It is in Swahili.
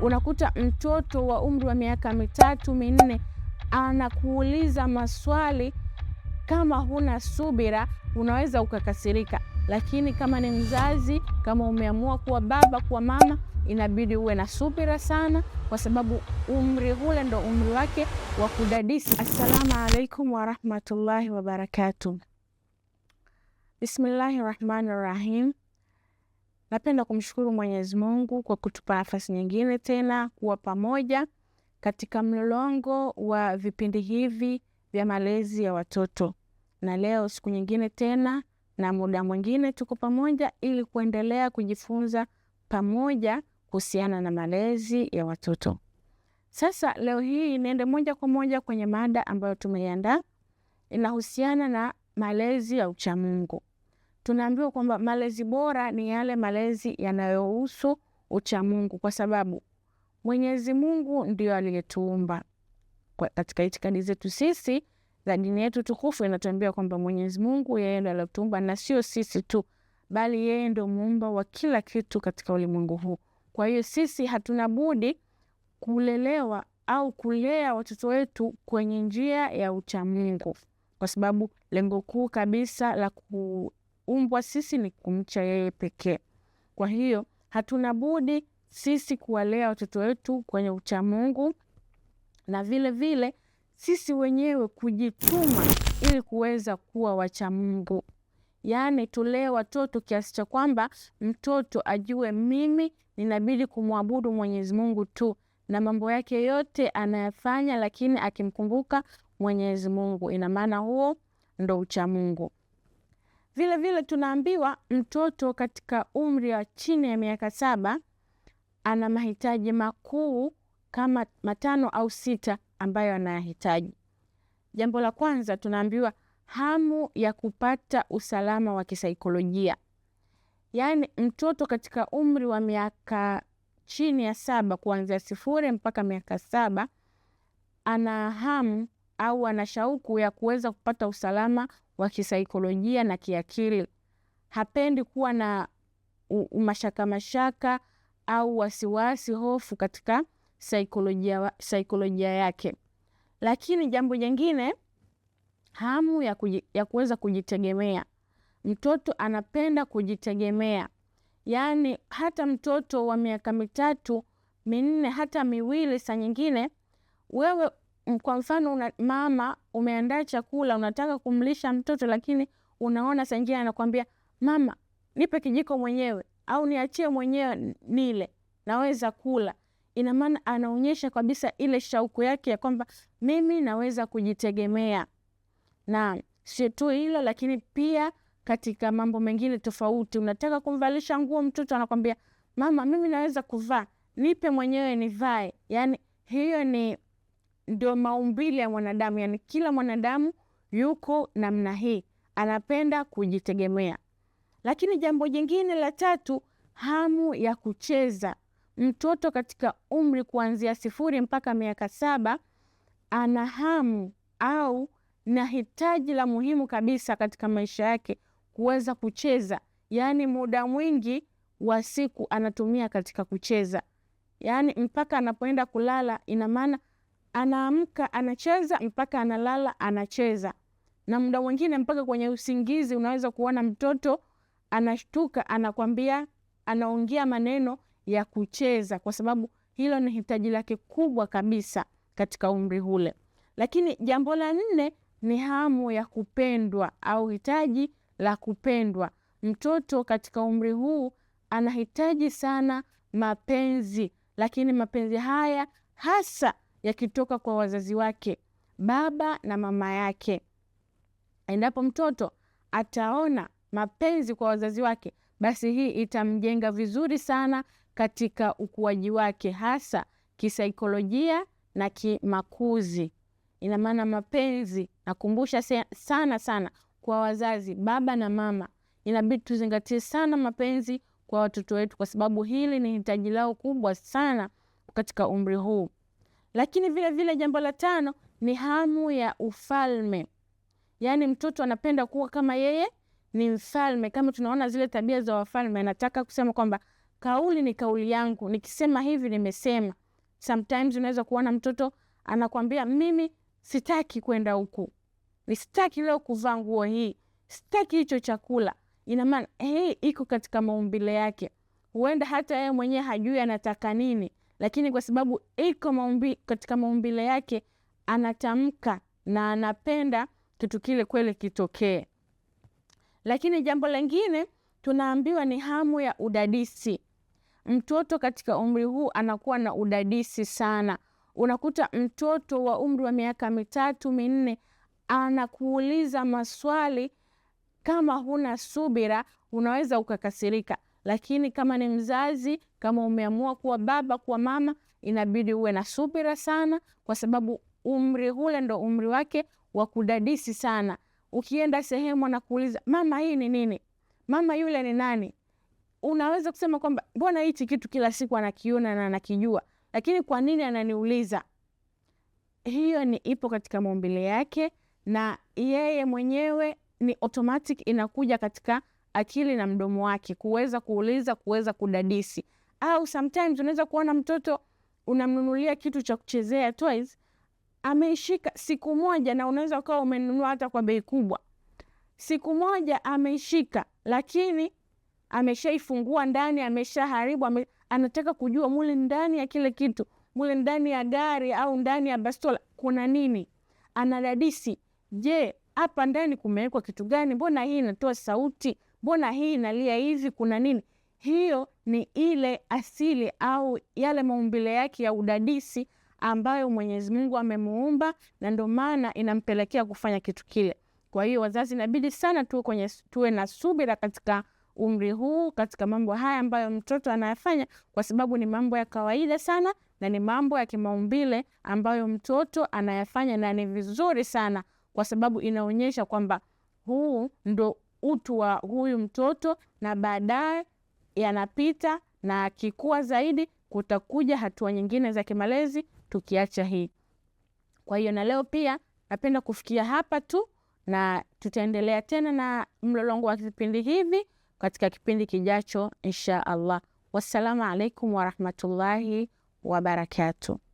Unakuta mtoto wa umri wa miaka mitatu minne anakuuliza maswali, kama huna subira unaweza ukakasirika, lakini kama ni mzazi, kama umeamua kuwa baba, kuwa mama, inabidi uwe na subira sana, kwa sababu umri hule ndo umri wake wa kudadisi. Assalamu alaikum warahmatullahi wabarakatu. Bismillahi rahmani rahim. Napenda kumshukuru Mwenyezi Mungu kwa kutupa nafasi nyingine tena kuwa pamoja katika mlolongo wa vipindi hivi vya malezi ya watoto, na leo siku nyingine tena na muda mwingine tuko pamoja ili kuendelea kujifunza pamoja kuhusiana na malezi ya watoto. Sasa leo hii niende moja kwa moja kwenye mada ambayo tumeiandaa, inahusiana na malezi ya uchamungu tunaambiwa kwamba malezi bora ni yale malezi yanayohusu uchamungu, kwa sababu Mwenyezi Mungu ndio aliyetuumba. Katika itikadi zetu sisi za dini yetu tukufu, inatuambia kwamba Mwenyezi Mungu yeye ndo aliyetuumba, na sio sisi tu, bali yeye ndo muumba wa kila kitu katika ulimwengu huu. Kwa hiyo sisi hatuna budi kulelewa au kulea watoto wetu kwenye njia ya uchamungu, kwa sababu lengo kuu kabisa la ku umbwa sisi ni kumcha yeye pekee. Kwa hiyo hatuna budi sisi kuwalea watoto wetu kwenye uchamungu na vile vile sisi wenyewe kujituma ili kuweza kuwa wachamungu. Yaani tulee watoto kiasi cha kwamba mtoto ajue mimi ninabidi kumwabudu Mwenyezi Mungu tu, na mambo yake yote anayafanya, lakini akimkumbuka Mwenyezi Mungu. Ina maana huo ndo uchamungu. Vile vile tunaambiwa mtoto katika umri wa chini ya miaka saba ana mahitaji makuu kama matano au sita ambayo anayahitaji. Jambo la kwanza tunaambiwa hamu ya kupata usalama wa kisaikolojia, yaani mtoto katika umri wa miaka chini ya saba kuanzia sifuri mpaka miaka saba ana hamu au ana shauku ya kuweza kupata usalama wa kisaikolojia na kiakili. Hapendi kuwa na mashaka mashaka au wasiwasi, hofu katika saikolojia, saikolojia yake. Lakini jambo jingine, hamu ya, kuji, ya kuweza kujitegemea. Mtoto anapenda kujitegemea, yaani hata mtoto wa miaka mitatu minne hata miwili, saa nyingine wewe kwa mfano una, mama umeandaa chakula unataka kumlisha mtoto, lakini unaona sangia anakwambia mama, nipe kijiko mwenyewe au niachie mwenyewe nile, naweza kula. Ina maana anaonyesha kabisa ile shauku yake ya kwamba mimi naweza kujitegemea, na sio tu hilo, lakini pia katika mambo mengine tofauti. Unataka kumvalisha nguo mtoto, anakwambia mama, mimi naweza kuvaa, nipe mwenyewe nivae. Yani hiyo ni ndio maumbile ya mwanadamu, yaani kila mwanadamu yuko namna hii, anapenda kujitegemea. Lakini jambo jingine la tatu, hamu ya kucheza. Mtoto katika umri kuanzia sifuri mpaka miaka saba ana hamu au na hitaji la muhimu kabisa katika maisha yake kuweza kucheza, yaani muda mwingi wa siku anatumia katika kucheza, yaani mpaka anapoenda kulala, ina maana anaamka anacheza mpaka analala anacheza, na muda mwingine mpaka kwenye usingizi unaweza kuona mtoto anashtuka, anakwambia, anaongea maneno ya kucheza, kwa sababu hilo ni hitaji lake kubwa kabisa katika umri ule. Lakini jambo la nne ni hamu ya kupendwa au hitaji la kupendwa. Mtoto katika umri huu anahitaji sana mapenzi, lakini mapenzi haya hasa yakitoka kwa wazazi wake baba na mama yake. Endapo mtoto ataona mapenzi kwa wazazi wake, basi hii itamjenga vizuri sana katika ukuaji wake, hasa kisaikolojia na kimakuzi. Ina maana mapenzi, nakumbusha sana sana kwa wazazi, baba na mama, inabidi tuzingatie sana mapenzi kwa watoto wetu, kwa sababu hili ni hitaji lao kubwa sana katika umri huu. Lakini vile vile jambo la tano ni hamu ya ufalme, yaani mtoto anapenda kuwa kama yeye ni mfalme, kama tunaona zile tabia za wafalme. Anataka kusema kwamba kauli ni kauli yangu, nikisema hivi nimesema. Sometimes unaweza kuona mtoto anakwambia mimi sitaki kwenda huku, sitaki leo kuvaa nguo hii, sitaki hicho chakula. Ina maana hey, iko katika maumbile yake. Huenda hata yeye mwenyewe hajui anataka nini, lakini kwa sababu iko maumbi, katika maumbile yake anatamka na anapenda kitu kile kweli kitokee. Lakini jambo lingine tunaambiwa ni hamu ya udadisi. Mtoto katika umri huu anakuwa na udadisi sana. Unakuta mtoto wa umri wa miaka mitatu minne anakuuliza maswali, kama huna subira unaweza ukakasirika. Lakini kama ni mzazi, kama umeamua kuwa baba, kuwa mama, inabidi uwe na subira sana, kwa sababu umri ule ndo umri wake wa kudadisi sana. Ukienda sehemu anakuuliza mama, hii ni nini? Mama, yule ni nani? Unaweza kusema kwamba mbona hichi kitu kila siku anakiona na anakijua, lakini kwa nini ananiuliza? Hiyo ni ipo katika maumbile yake, na yeye mwenyewe ni automatic inakuja katika akili na mdomo wake, kuweza kuuliza, kuweza kudadisi. Au sometimes unaweza kuona mtoto unamnunulia kitu cha kuchezea toys, ameishika siku moja, na unaweza ukawa umenunua hata kwa bei kubwa. Siku moja ameishika, lakini ameshaifungua ndani, ameshaharibu ame, anataka kujua mule ndani ya kile kitu, mule ndani ya gari au ndani ya bastola kuna nini. Anadadisi, je, hapa ndani kumewekwa kitu gani? Mbona hii inatoa sauti? mbona hii inalia hivi, kuna nini? Hiyo ni ile asili au yale maumbile yake ya udadisi ambayo Mwenyezi Mungu amemuumba, na ndio maana inampelekea kufanya kitu kile. Kwa hiyo wazazi, inabidi sana tuwe kwenye tuwe na subira katika umri huu, katika mambo haya ambayo mtoto anayafanya, kwa sababu ni mambo ya kawaida sana na ni mambo ya kimaumbile ambayo mtoto anayafanya, na ni vizuri sana, kwa sababu inaonyesha kwamba huu ndo utu wa huyu mtoto, na baadaye yanapita na akikua zaidi kutakuja hatua nyingine za kimalezi, tukiacha hii. Kwa hiyo na leo pia napenda kufikia hapa tu, na tutaendelea tena na mlolongo wa vipindi hivi katika kipindi kijacho, insha Allah. Wassalamu alaikum warahmatullahi wabarakatu.